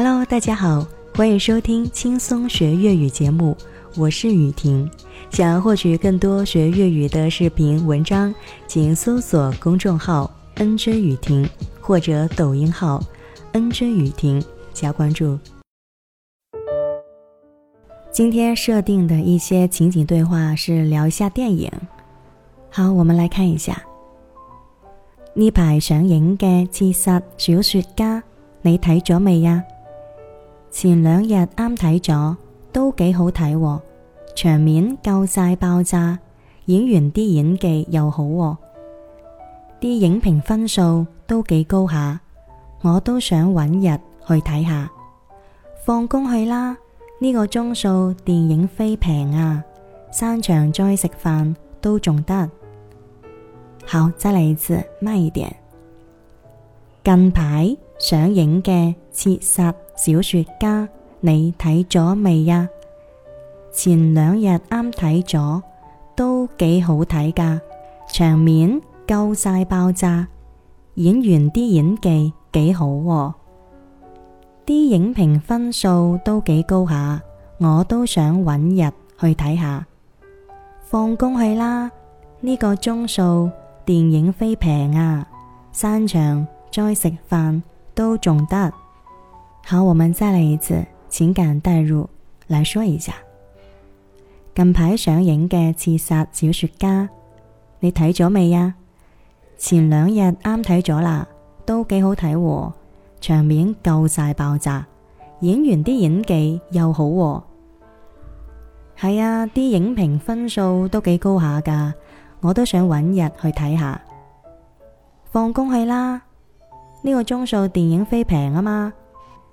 Hello，大家好，歡迎收聽輕鬆學粵語節目，我是宇婷。想要獲取更多學粵語的視頻文章，請搜索公眾號 “NJ 宇婷”或者抖音號 “NJ 宇婷”加關注。今天設定的一些情景對話是聊一下電影。好，我們來看一下。呢排上映嘅《刺殺小說家》，你睇咗未呀？前兩日啱睇咗，都幾好睇喎，場面夠晒爆炸，演員啲演技又好喎，啲影評分數都幾高下，我都想揾日去睇下。放工去啦，呢個鐘數電影飛平啊，散場再食飯都仲得。好，再嚟一次，慢一點。近排上映嘅《刺殺》。小說家，你睇咗未呀？前兩日啱睇咗，都幾好睇噶，場面夠晒爆炸，演員啲演技幾好、喎，啲影評分數都幾高下，我都想揾日去睇下。放工去啦，呢、個鐘數電影飛平啊，散場再食飯都仲得。好，我們再嚟一次情感代入，來說一下。近排上映嘅《刺殺小說家》，你睇咗未啊？前兩日啱睇咗啦，都幾好睇喎，場面夠晒爆炸，演員啲演技又好喎。係啊，啲影評分數都幾高下噶，我都想揾日去睇下。放工去啦，呢個鐘數電影飛平啊嘛。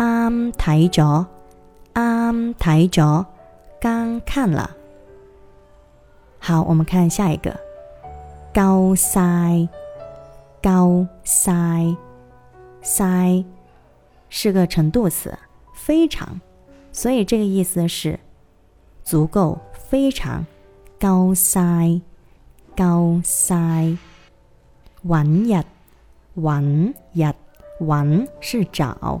啱睇咗，啱睇咗，剛看了。好，我們看下一個，夠晒，夠晒，晒是個程度詞，非常，所以這個意思是足夠，非常，夠晒，夠晒。揾日，揾日，揾是找。